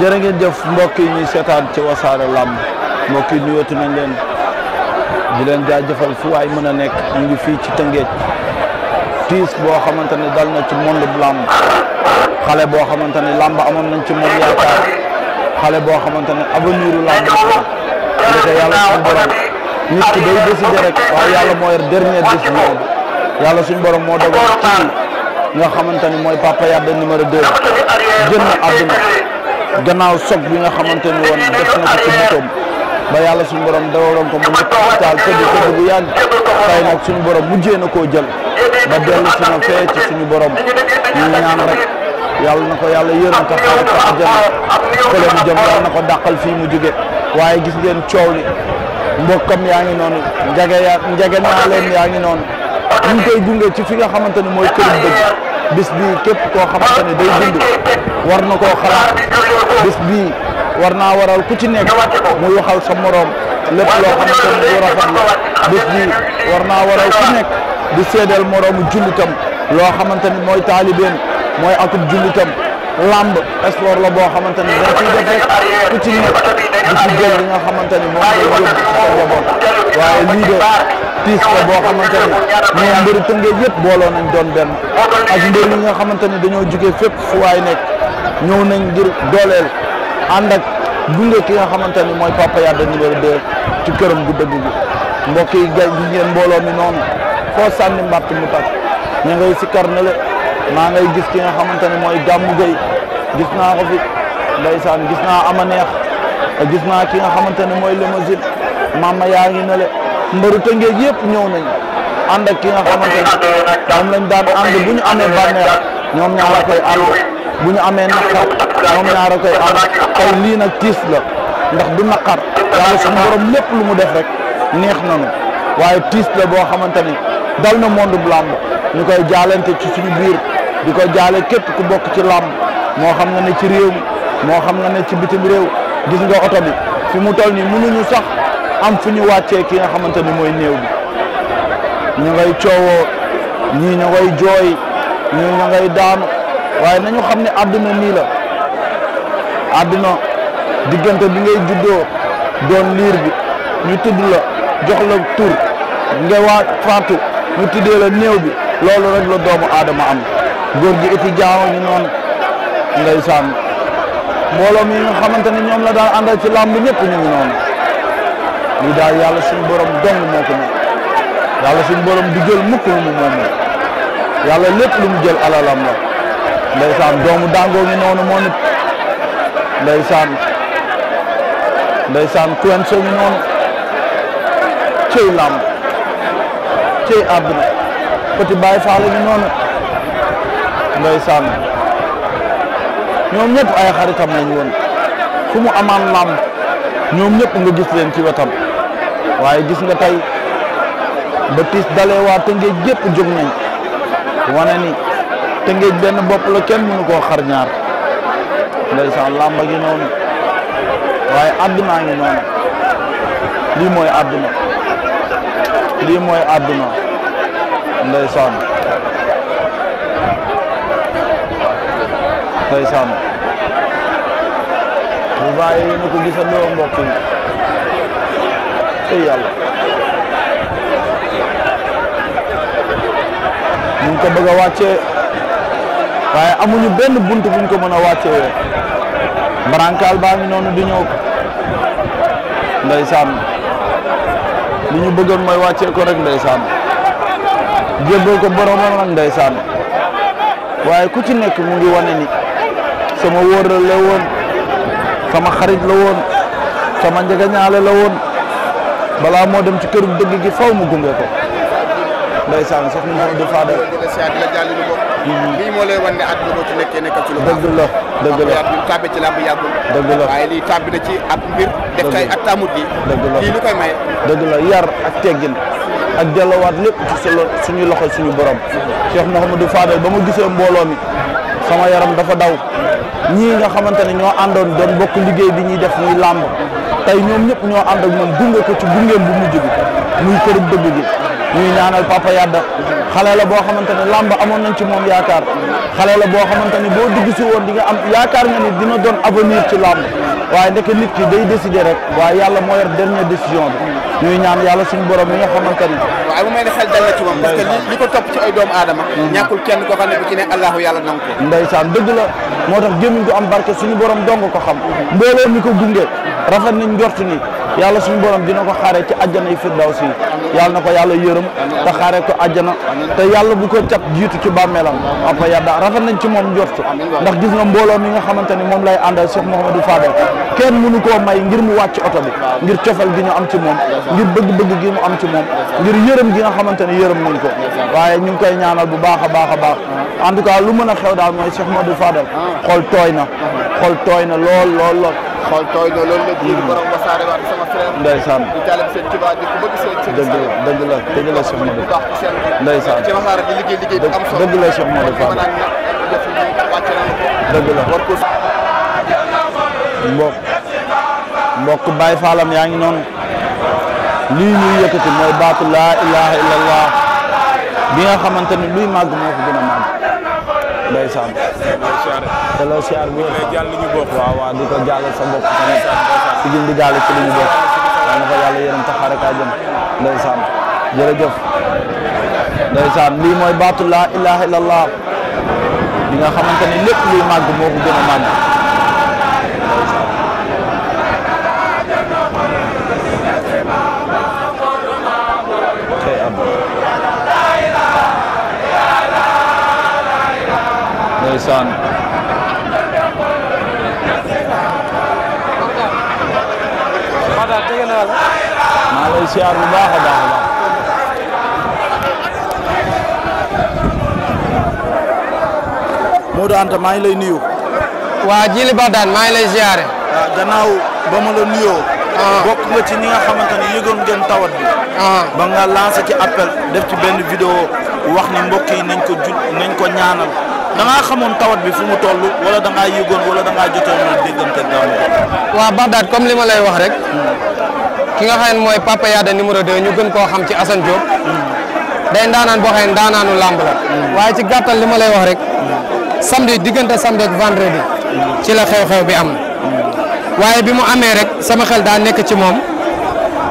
jërë ngeen jëf mbokk yi ñuy seetaan ci wasaare làmb mbokk yi nuyooti nañ leen di leen jaajëfal fu waay mën a nekk ñu ngi fii ci Tëngéej tiis boo xamante ne dal na ci monde bu làmb xale boo xamante ne làmb amoon nañ ci moom xale boo xamante ne avenir u làmb ndeke yàlla suñu borom moo yor dernière borom moo dogal nga xamante ne mooy Papa Yade numéro 2 génn àdduna gannaaw soog bi nga xamante ni woon def na ko ba yàlla suñu borom dawaloon ko mu nekk hôpital tëdd tëdd bu yàgg tey nag suñu borom mujjee na koo jël ba dellu si na ci suñu borom ñu ñaan rek yàlla na ko yàlla yërëm ta a tax a ko dàqal fii mu jóge waaye gis ngeen coow li mbokkam yaa ngi noonu njage yaa njage yaa ngi noonu ñu ngi ci fi nga xamante ni mooy kërum dëgg bis bii képp ko xamante ne day dund war na ko xalaat bis bii war naa waral ku ci nekk muy waxal sa moroom lépp loo xamante ne lu rafet bis bii war naa waral ku nekk di seedeel moroomu jullitam loo xamante ni mooy taalibeen mooy akub jullitam lamb sport la boo xamante ni dañ ciy def rek ku ci nekk di ci jël li nga xamante ni moom tiis ko boo xamante ne mais mbëri Tëngéej yëpp booloo xamante ne dañoo jugee fépp fu waay nekk nañ ngir dooleel ànd ak gunge ki nga xamante ne mooy Papa Yade numéro 2 ci këram gu dëgg bi mbokk yi gay gi ngeen mbooloo mi noonu foo sànni mbàtt mu tàkk ñu ngay sikkar ne maa ngay gis ki nga xamante ne mooy Gàmmu Gay gis naa ko fi ndeysaan gis naa ama neex gis naa ki nga xamante ne mooy limousine mama yaa ngi ne mbëru Tëngéej yëpp ñëw nañ ànd ak ki nga xamante ne moom lañ daan ànd bu ñu amee bànneex ñoom ñaara koy ànd bu ñu amee naqar ñoom ñaara koy ànd tey lii nag tiis la ndax du naqar yàlla suñu borom lépp lu mu def rek neex nañu waaye tiis la boo xamante ni dal na monde bu làmb ñu koy jaalante ci suñu biir di ko jaale képp ku bokk ci làmb moo xam nga ne ci réew mi moo xam na ne ci bitim réew gis nga oto bi fi mu toll nii mënuñu sax am fu ñu wàccee ki nga xamante ni mooy néew bi ñu ngay coowoo ñii ñu ngay jooy ñii ñu ngay daanu waaye nañu xam ne àdduna nii la àdduna diggante bi ngay juddoo doon liir bi ñu tudd la jox la tur nga waa faatu ñu tuddee la néew bi loolu rek la doomu aadama am góor gi iti jaamu ñu noonu ngay sànn booloo mi nga xamante ne ñoom la daan àndal ci làmb ñëpp ñu ngi noonu lii daal yàlla suñu borom dong moo ko moom yàlla suñu borom du jël mukk lu mu moom yàlla lépp lu mu jël alalam la ndeysaan doomu dàngoo ngi noonu moo nit ndeysaan ndeysaan kuwenso ngi noonu cëy làmb cëy àdduna petit Baye Fall ngi noonu ndeysaan ñoom ñëpp ay xaritam lañ woon fu mu amaan làmb ñoom ñëpp nga gis leen ci wetam waaye gis nga tey ba tiis dalee waa Tëngéej gépp jóg nañ wane ni Tëngéej benn bopp la kenn mënu koo xar ñaar ndeysaan làmba gi noonu waaye àddunaa ngi noonu lii mooy àdduna lii mooy àdduna ndeysaan ndeysaan bu bàyyi yéen a ko gisandoo mbokk yi ey yàlla ñu ko bëgg a waaye amuñu benn bunt buñ ko mën a wàccee mbarankaal baa ngi noonu di ñëw ndeysaan li ñu bëggoon mooy wàccee ko rek ndeysaan jébbal ko boromam nag ndeysaan waaye ku ci nekk mu ngi wane ni sama wóor la woon sama xarit la woon sama njëgañaale la woon balaa moo dem ci këru dëgg gi faw mu gunge ko ndeysaan sax mu Mouhamadou Fadal lii moo lay wan ne at boo ci nekkee nekkal ci lu ci làmb yàggul dëgg la waaye lii tàbbi ci at mbir def ak tamut yi dëgg la lii lu dëgg la yar ak teggin ak delluwaat lépp ci solo suñu loxo suñu borom Cheikh Mouhamadou Fadal ba ma gisee mbooloo mi sama yaram dafa daw ñii nga xamante ne ñoo àndoon doon bokk liggéey bi ñuy def muy làmb tey ñoom ñëpp ñoo ànd ak moom gunge ko ci gungeem bu mujj bi muy kër dëgg gi ñuy ñaanal Papa Yada xale la boo xamante ne làmb amoon nañ ci moom yaakaar xale la boo xamante ne boo dugg si woon di nga am yaakaar nga ni dina doon avenir ci làmb waaye ndek nit ki day décidé rek waaye yàlla moo yor dernière décision bi ñuy ñaan yàlla suñu borom yi nga xamante ni waaye bu may ne xel parce que li ko topp ci ay doomu aadama ñàkkul kenn ko xam ne bu ci ne allahu yàlla nangu ko ndeysaan dëgg la moo tax gémmiñ ko am barke suñu borom dong ko xam mbooloo mi ko gunge rafet nañ njort ni yàlla suñu borom dina ko xaaree ci àjjana yi firdaws yi yàlla na ko yàlla yërëm te xaaree ko àjjana te yàlla bu ko cat jiitu ci bàmmeelam apa yadda rafet nañ ci moom njort ndax gis nga mbooloo mi nga xamante ni moom lay àndal Cheikh Mouhamadou Fadel kenn mënu koo may ngir mu wàcc oto bi ngir cofal gi ñu am ci moom ngir bëgg-bëgg gi am ci moom ngir yërëm gi nga xamante ni yërëm nañ ko waaye ñu ngi koy ñaanal bu baax a baax a baax en tout cas lu mën a xew daal mooy Cheikh Mouhamadou Fadel xol tooy na xool tooy na lool lool lool xool tooy na loolu la jiir hmm. borom wasaare ci dëgg la dëgg la dëgg la Cheikh Modou baax yaa ngi noon lii ñuy yëkkati mooy baatu laa ilaha illallah bi nga xamante ni luy màgg moo ko gën a ndeysaan te loo siyaar bu wér waaw waaw di ko jàll sa bopp tamit si gin di gaale ci li ñu bokk waaw na ko yàlla yërëm taxaare kaa jëm ndeysaan jërëjëf ndeysaan baatu laa ilaha illallah nga xamante ni màgg moo ndeysaan maa lay siyaar bu baax a baax a baax Modou Anta maa ngi lay nuyu waa Jili Badane maa ngi lay siyaare waaw ah, gannaaw ba ma la nuyoo ah. bokk nga ci ñi nga xamante ne yëgoon ngeen tawat bi ah. ba nga lancé ci appel def ci benn vidéo wax ni mbokk yi nañ ko ju nañ ko ñaanal da ngaa xamoon tawat bi fu mu toll wala da ngaa yëgoon wala da ngaa jotoon na déggante gaamu ko. waaw Bagdad comme li ma lay wax rek. ki nga xam ne mooy Papa Yada numéro 2 ñu gën koo xam ci Assane Diop. day ndaanaan boo xam ne ndaanaanu làmb la. waaye ci gàttal li ma lay wax rek. samedi diggante samedi ak vendredi. ci la xew-xew bi am. waaye bi mu amee rek sama xel daa nekk ci moom.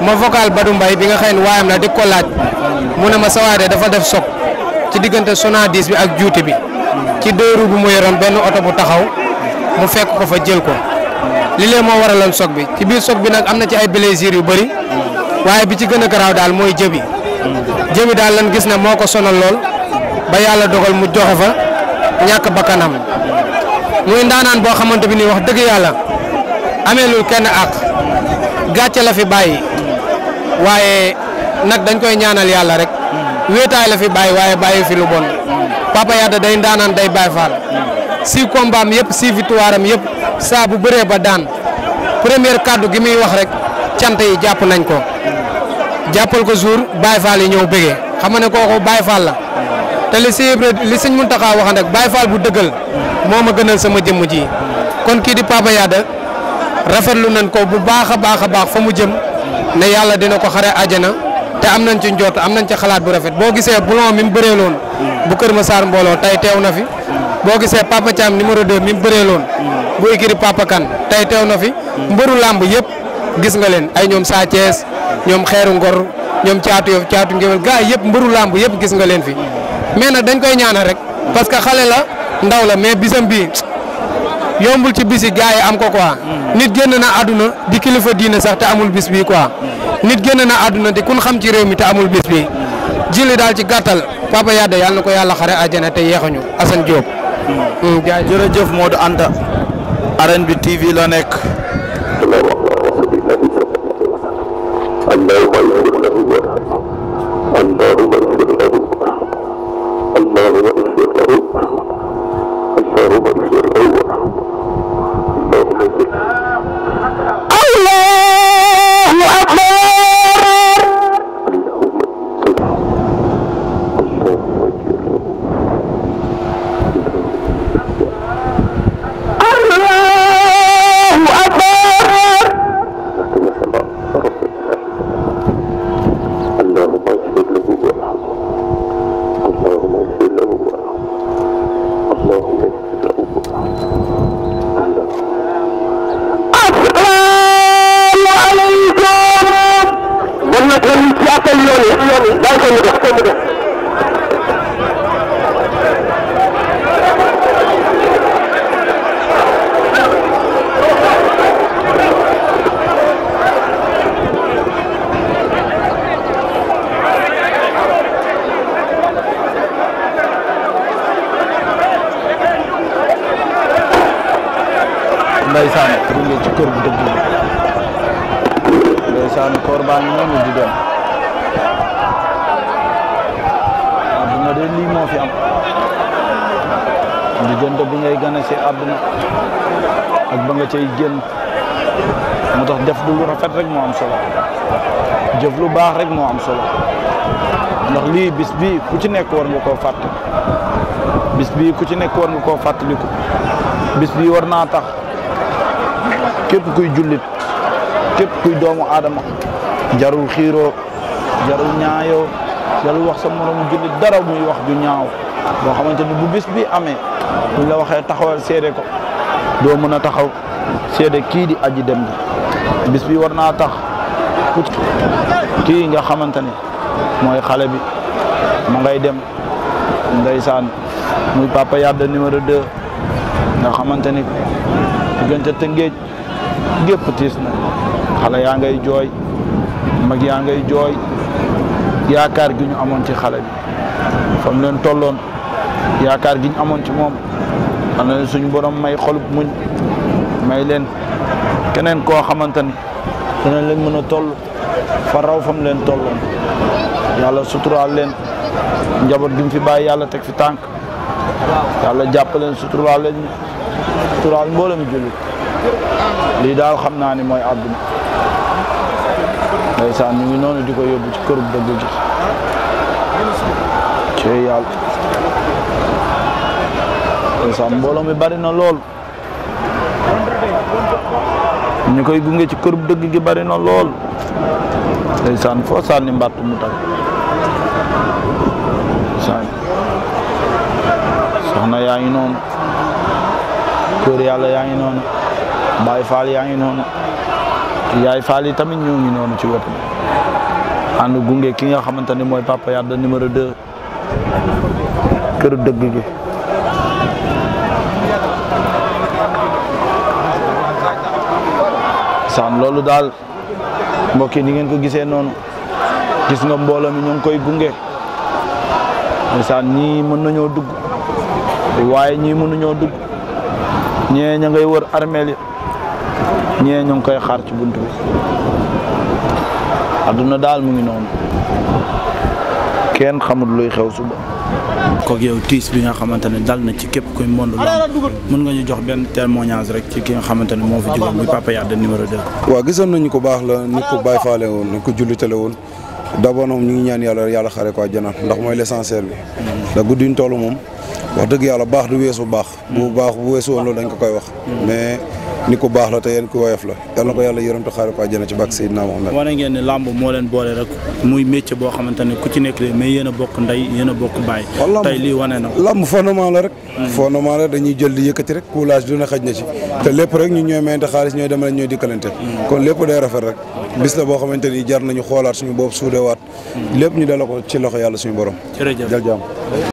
ma vocal Badou mbay bi nga xam ne waayam la di ko laaj. mu ne ma sawaade dafa def sok ci diggante sonadis bi ak juuti bi. ci deux roues bu mu yoroon benn oto bu taxaw mu fekk ko fa jël ko li lee moo lan choc bi ci biir choc bi nag am na ci ay blessures yu bari waaye bi ci gën a garaaw daal mooy jëbi jëbi daal lan gis ne moo ko sonal lool ba yàlla dogal mu joxe fa ñàkk bakkanam muy ndaanaan boo xamante bi nii wax dëgg yàlla ameelul kenn ak gàcce la fi bàyyi waaye nag dañ koy ñaanal yàlla rek wéetaay la fi bàyyi waaye bàyyi fi lu bon Papa Yada day ndaanaan day Baye Fall si combat am yëpp si victoire am yëpp saa bu bëree ba daan première kaddu gi muy wax rek cant yi jàpp nañ ko jàppal ko jour Baye Fall yi ñëw bëggee xam ne kooku Baye la te li si li sëñ Mountakha waxan rek Baye Fall bu dëggal moo ma gënal sama jëmm ji kon kii di Papa Yada rafetlu nañ ko bu baax a baax fa mu jëm ne yàlla dina ko xare àjjana te am nañ ci njott am nañ ci xalaat bu rafet boo gisee boulon mi bëree loon bu Kër ma saar mbooloo tey teew na fi boo gisee Papa Thiam numéro de mi bëree loon bu ikiri Papa Kane tey teew na fi mbëru làmb yëpp gis nga leen ay ñoom Sa ñoom Xeeru Ngor ñoom caatu yof caatu ngéwél gaa yëpp mbëru làmb yëpp gis nga leen fi mais nag dañ koy ñaanal rek parce que xale la ndaw la mais bisam bii yombul ci bisi gaa yi am ko quoi nit génn na àdduna di kilifa diine sax te amul bis bii quoi nit génn na àdduna di kun xam ci réew mi te amul bis bi jili daal ci gàttal Papa Yade yàlla na ko yàlla xare àjjana te yeexuñu Assane Diop. Hmm. Hmm, jërëjëf Modou Anta. arène bi TV la nekk. jël yoon yi daal ko mu def ko mu def ndeysaan bu ñu ci kër di dem àdduna de lii moo fi am diggante bi ngay gane ci àdduna ak ba nga cay génn moo tax def du lu rafet rek moo am solo jëf lu baax rek moo am solo ndax lii bis bii ku ci nekk war nga koo fàtte bis bii ku ci nekk war nga koo fàttaliku bis bii war naa tax képp kuy jullit képp kuy doomu aadama jarul xiiroo jarul ñaayoo jël wax sa moromu jullit dara muy wax ju ñaaw boo xamante ni bu bis bi amee buñ la waxee taxawal seede ko doo mën a taxaw seede kii di aji dem bi bis bi war naa tax kii nga xamante ni mooy xale bi ma ngay dem ndeysaan muy papa yadda numéro deux nga xamante ni diggante Tëngéej gépp tiis na xale yaa ngay jooy mag yaa ngay jooy yaakaar gi ñu amoon ci xale bi fam leen tolloon yaakaar gi ñu amoon ci moom xam na suñu borom may xolub muñ may leen keneen koo xamante ni danañ leen mën a toll fa raw leen tolloon yàlla suturaal leen njaboot gi fi bàyyi yàlla teg fi tànk yàlla jàppaleen suturaal leen suturaal mboolem jullit lii daal xam naa ni mooy àdduna ndeysaan ñu ngi noonu di ko yóbbu ci kërub dëgg gi ci yàlla ndeysaan mbooloo mi bari na lool ñu koy gunge ci kërub dëgg gi bari na lool ndeysaan foo sànni mbàtt mu tag ndeysaan soxna yaa ngi noonu kër yàlla Faal yaa yaay faal yi tamit ñoo ngi noonu ci wetu ànd gunge ki nga xamante ni mooy Papa Yade numéro 2 kër dëgg gi. saan loolu daal mbokk yi ni ngeen ko gisee noonu gis nga mbooloo mi ñoo ngi koy gunge saan ñii mën nañoo dugg waaye ñii mënuñoo dugg ñee ña ngay wër armeel ñee ñu ngi koy xaar ci bunt bi adduna daal mu ngi noonu kenn xamul luy xew suba. kook yow tiis bi nga xamante ne dal na ci képp kuy monde la mën nga ñu jox benn témoignage rek ci ki nga xamante ne moo fi jógoon muy Papa Yade numéro 2. waaw gisoon nañu ko baax la nit ko bàyyi faale woon nit ko jullitale woon d'abord moom ñu ngi ñaan yàlla yàlla xare ko àjjana ndax mooy l'essentiel bi. ndax mm. guddi ñu moom. wax dëgg yàlla baax du bu baax. bu baax bu weesu woon loolu dañ koy wax. mais ni ko baax la te yéen ku woyof la yal na ko yàlla yërëm te xaare ko ci làmb moo leen boole rek muy métier boo xamante ku ci nekk de a bokk ndey yéen a bokk baay. tey lii na làmb fondement la rek. Hmm. dañuy jël di yëkkati rek coulage dina xaj na ci. te lépp rek ñu ñooy mayante xaalis ñooy demale ñooy dikkalante. Hmm. kon lépp day rafet rek. Hmm. bis la boo xamante ni jar nañu xoolaat suñu bopp suudewaat lépp ñu dala ko ci loxo yàlla suñu borom jërëjëf jàmm